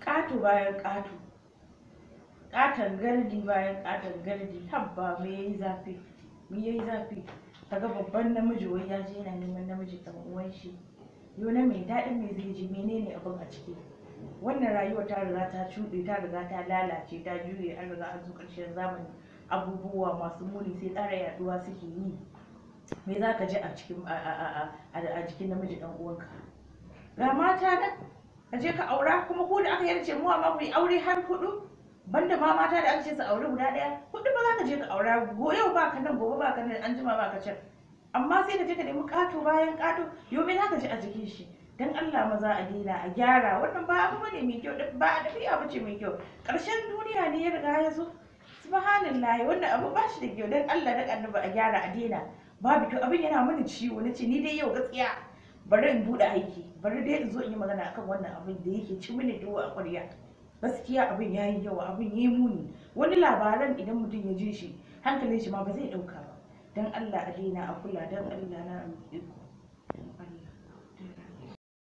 Ƙato bayan ƙato. Ƙaton gardi bayan ƙaton gardi. Habba me ya yi zafi. Me yi zafi. Kaga babban namiji wai ya je yana neman namiji kamar uwan shi. Yona mai daɗin me zai ji menene abin a ciki. Wannan rayuwar ta riga ta cuɗe ta riga ta lalace ta juye an riga an zo ƙarshen zamani. Abubuwa masu muni sai ƙara yaɗuwa suke yi. Me za ka ji a cikin a jikin namiji ɗan uwanka? Ga mata na. ka je ka aura kuma ko da aka ce mu ma ku yi aure har hudu banda ma mata da aka ce su aure guda daya hudu ba za ka je ka aura yau ba ka nan gobe ba ka nan an jima ba ka can amma sai ka je ka nemi kato bayan kato yau me za ka je a jikin shi dan Allah maza a daina a gyara wannan ba abu bane mai kyau ba a ba ce mai kyau karshen duniya ne ya riga ya zo subhanallah wannan abu ba shi da kyau dan Allah da annabi a gyara a daina babu to abin yana mana ciwo nace ni dai yau gaskiya bari in buɗe aiki bari dai in zo in yi magana akan wannan abin da yake ci mini duwa a ƙwarya gaskiya abin ya yi yawa abin ya yi muni wani labaran idan mutum ya ji shi hankalin shi ma ba zai ɗauka ba dan allah a daina a kula dan allah na amince ku